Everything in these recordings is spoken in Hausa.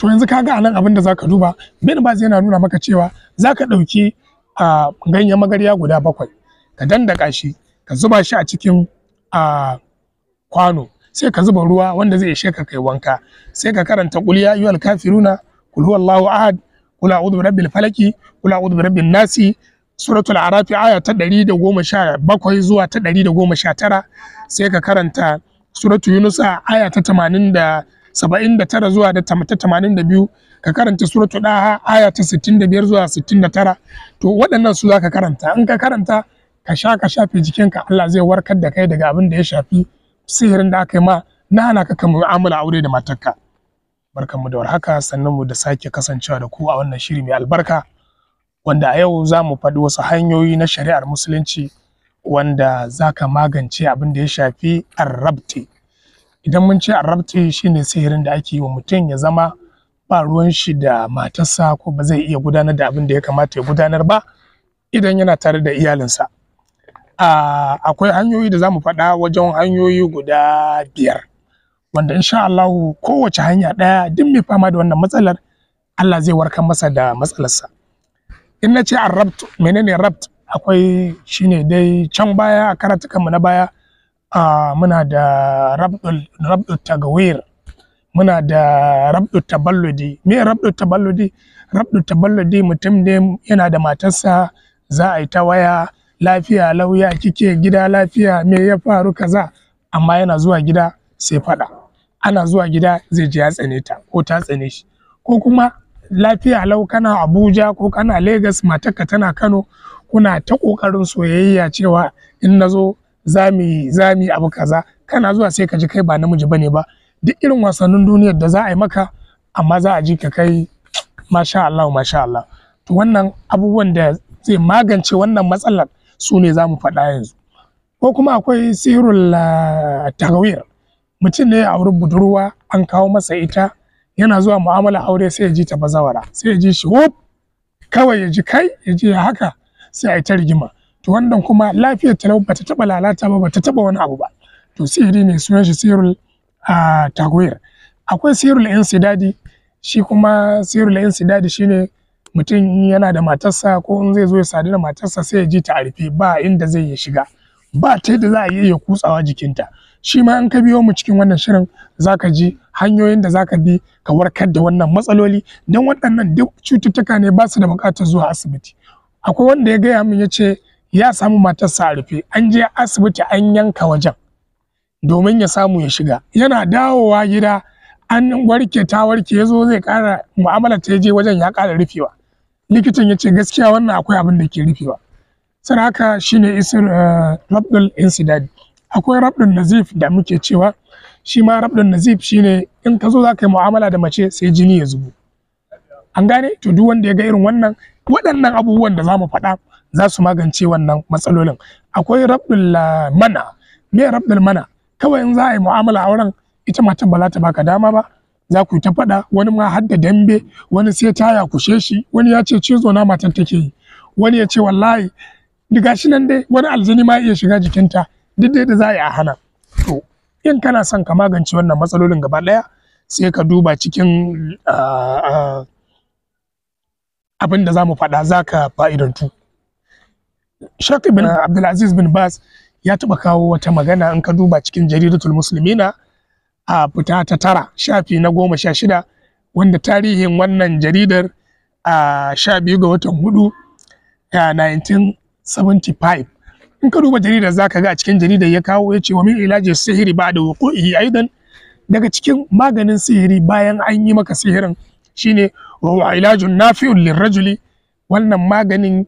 to yanzu ka ga anan abin da za ka duba minimize yana nuna maka cewa za ka ɗauki a ganyen magarya guda bakwai ka dandaka shi ka zuba shi a cikin a kwano sai ka zuba ruwa wanda zai ishe ka kai wanka sai ka karanta qul ya kafiruna kul huwallahu ahad kul a'udhu birabbil falaki kul a'udhu birabbin nasi suratul arafi aya ta 117 zuwa ta 119 sai ka karanta suratul yunusa aya ta 80 saba'in da tara zuwa da biyu ka karanta suratu ɗaya aya ta sittin da biyar zuwa sittin da tara to waɗannan su za ka karanta in ka karanta ka sha ka shafe jikinka Allah zai warkar da kai daga abin da ya shafi sihirin da aka yi ma na hana ka kama mu'amala aure da matarka barkanmu da warhaka sannan mu da sake kasancewa da ku a wannan shiri mai albarka wanda a yau za mu faɗi wasu hanyoyi na shari'ar musulunci wanda za ka magance abin da ya shafi arrabte idan mun ce arrabti shine sihirin da ake yi wa mutum ya zama ba ruwan shi da matarsa ko ba zai iya gudanar da abin da ya kamata ya gudanar ba idan yana tare da iyalinsa akwai hanyoyi da za mu faɗa wajen hanyoyi guda biyar wanda insha Allah kowace hanya ɗaya duk mai fama da wannan matsalar Allah zai warkar masa da matsalarsa in na ce arrabt menene rabt akwai shine dai can baya a mu na baya Ah, muna da rabdul tagawir muna da rabdul taballudi me rabdul taballudi rabdul taballudi mutum ne yana da matarsa za a yi ta waya lafiya lauya kike gida lafiya me ya faru kaza amma yana zuwa gida sai fada ana zuwa gida zai ji ya tsane ta ko ta tsane shi ko kuma lafiya lau kana abuja ko kana lagos matarka tana kano kuna ta kokarin soyayya cewa in nazo za mu abu kaza kana zuwa sai ka ji kai ba namiji bane ba duk irin wasannin duniyar da za a yi maka amma za a ji ka kai masha Allah masha Allah to wannan abubuwan da zai magance wannan matsalar su ne za mu faɗa yanzu ko kuma akwai sihirul ah, tagawir mutum ne a wurin budurwa an kawo masa ita yana zuwa mu'amala aure sai ya ji ta bazawara sai ya ji shi wop kawai ya ji kai ya ji haka sai a yi ta rigima to wannan kuma lafiyar talau bata taba lalata ba bata taba wani abu ba to sihiri ne sunan shi sihirul tagwir akwai sihirul insidadi shi kuma sihirul insidadi shine mutum yana da matarsa ko in zai zo ya sadu da matarsa sai ya ji ta arfe ba inda zai ya shiga ba ta yadda za a iya kutsawa jikinta shi ma in ka biyo mu cikin wannan shirin zaka ji hanyoyin da zaka bi ka warkar da wannan matsaloli don waɗannan duk cututtuka ne ba su da buƙatar zuwa asibiti akwai wanda ya gaya min ya ce ya samu matarsa a rufe an je asibiti an yanka wajen domin ya samu ya shiga yana dawowa gida an warke ta warke ya zo zai kara mu'amala ta je wajen ya kara rufewa likitan ya ce gaskiya wannan akwai abin da ke rufewa sana haka shine isir eh, rabdul insidadi akwai rabdul nazif da muke cewa shi ma rabdul nazif shine in ka zo za ka yi mu'amala da mace sai jini ya zubo an gane to duk wanda ya ga irin wannan waɗannan abubuwan da za mu faɗa za su magance wannan matsalolin akwai rabdul mana me rabdul mana kawai in za a yi mu'amala auren ita matan ba za ta baka dama ba za ku ta faɗa wani ma har da dambe wani sai ta ya kushe shi wani ya ce cizo na matan take yi wani ya ce wallahi diga shi nan dai wani aljini ma iya shiga jikinta duk dai da za a yi a hana to in kana son ka magance wannan matsalolin gaba ɗaya sai ka duba cikin ah, ah, abin da za mu faɗa za ka fa'idantu Sheikh bin ah. Abdulaziz bin Bas ya taɓa kawo wata magana in ka duba cikin jaridatul muslimina a fita ta tara shafi na goma sha shida wanda tarihin wannan jaridar a sha biyu ga watan hudu a 1975 in ka duba jaridar zaka ga a cikin jaridar ya kawo ya ce wa min ilaji sihiri ba da wuku'i aidan daga cikin maganin sihiri bayan an yi maka sihirin shine wa ilajun nafi'un lirrajuli wannan maganin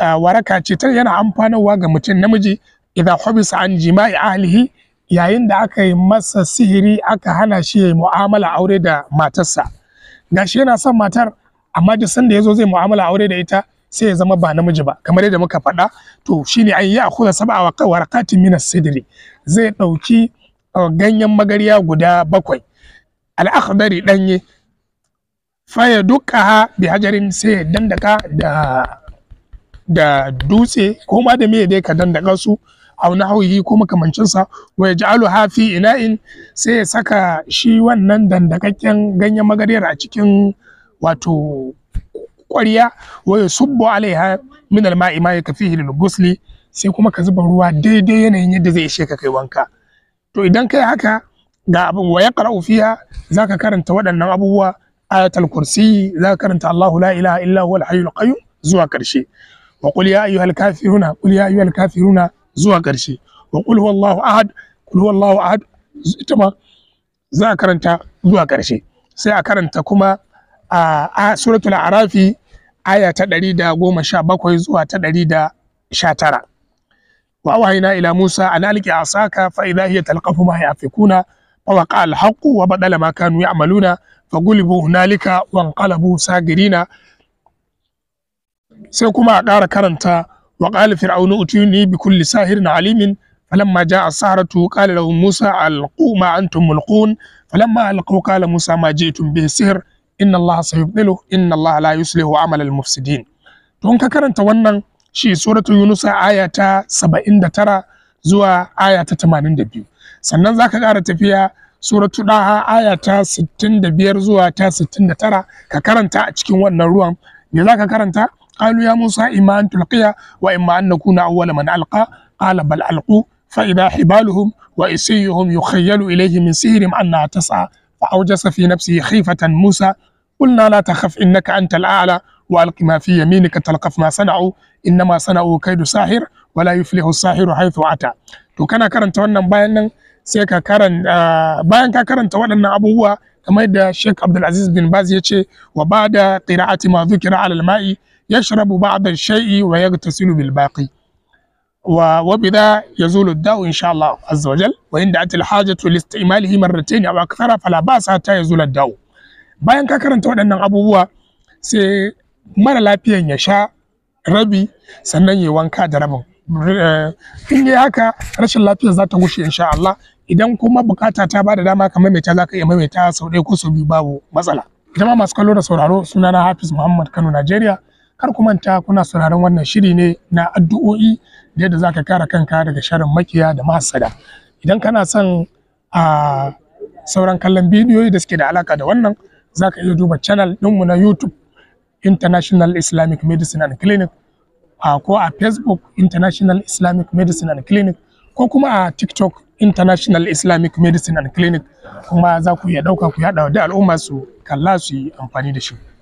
waraka ce ta yana amfanarwa ga mutum namiji idza hubisa an jima'i ahlihi yayin da aka yi masa sihiri aka hana shi ya mu'amala aure da matarsa gashi yana son matar amma duk ya yazo zai mu'amala aure da ita sai ya zama ba namiji ba kamar yadda muka faɗa to shine an yi akhudha sab'a wa warqatin min sidri zai dauki ganyen magarya guda bakwai al-akhdari danye fa ya dukkaha bi hajarin sai ya dandaka da da dutse ko ma da meye dai ka dandaka su wani hauyi ko makamancin sa wa yaj'alu ha fi ina'in sai ya saka shi wannan dandakakken ganyen magariyar a cikin wato ƙwarya wa subbo alaiha min alma'i ma kafi gusli sai kuma ka zuba ruwa daidai yanayin yadda zai ishe ka kai wanka to idan kai haka ga abin wa yaqra'u fiha zaka karanta waɗannan abubuwa ayatul kursi zaka karanta Allahu la ilaha illa huwal hayyul qayyum zuwa ƙarshe wa qul ya ayyuhal kafiruna qul ya ayyuhal kafiruna zuwa ƙarshe wa qul huwallahu ahad qul huwallahu ahad ita ma za a karanta zuwa ƙarshe sai a karanta kuma a suratul arafi aya ta ɗari da goma sha bakwai zuwa ta ɗari da sha tara wa wahaina ila musa an alki asaka fa idha hiya talqafu ma yafikuna fa waqa al wa badala ma kanu ya'maluna fa gulibu hunalika wa anqalabu sagirina sai kuma a ƙara karanta wa ƙali fir'aunu ni bi kulli sahirin alimin falamma ja a saharatu ƙali lahum musa alqu ma antum mulqun falamma alqu ƙali musa ma tun bi sihir inna allaha sayubdilu inna allaha la yuslihu amal al mufsidin to in ka karanta wannan shi suratu ayata saba'in da tara zuwa tamanin da biyu, sannan zaka ƙara tafiya suratu ayata sittin da biyar zuwa ta tara ka karanta a cikin wannan ruwan me zaka karanta قالوا يا موسى إما أن تلقي وإما أن نكون أول من ألقى قال بل ألقوا فإذا حبالهم وإسيهم يخيل إليه من سحرهم أنها تسعى فأوجس في نفسه خيفة موسى قلنا لا تخف إنك أنت الأعلى وألق ما في يمينك تلقف ما صنعوا إنما صنعوا كيد ساحر ولا يفلح الساحر حيث أتى to kana karanta wannan bayan nan sai ka karanta bayan ka karanta waɗannan abubuwa kamar da Sheikh Abdul Aziz bin Baz ya ce wa ba da qira'ati ma dhukira 'ala al-ma'i yashrabu ba'da shay'i wa yaghtasilu bil baqi وبذا يزول الداء إن شاء الله عز وجل وإن دعت الحاجة لاستعماله مرتين أو أكثر basa ta حتى يزول الداء bayan ka karanta waɗannan abubuwa sai mara lafiyan ya sha rabi sannan ya wanka da rabin in yi haka rashin lafiya za ta gushe insha Allah idan kuma bukata ta ba da dama ka maimaita za ka iya maimaita sau ɗaya ko sau biyu babu matsala jama'a masu kallo da sauraro sunana Hafiz Muhammad Kano Najeriya kar ku manta kuna sauraron wannan shiri ne na addu'o'i da yadda zaka kare kanka daga sharrin makiya da mahasada idan kana son a sauran kallon bidiyoyi da suke da alaka da wannan zaka iya duba channel ɗinmu na YouTube International Islamic Medicine and Clinic a ko a Facebook International Islamic Medicine and Clinic ko kuma a TikTok International Islamic Medicine and Clinic kuma za ku iya ɗauka ku yaɗa da al'umma su kalla su yi amfani da shi.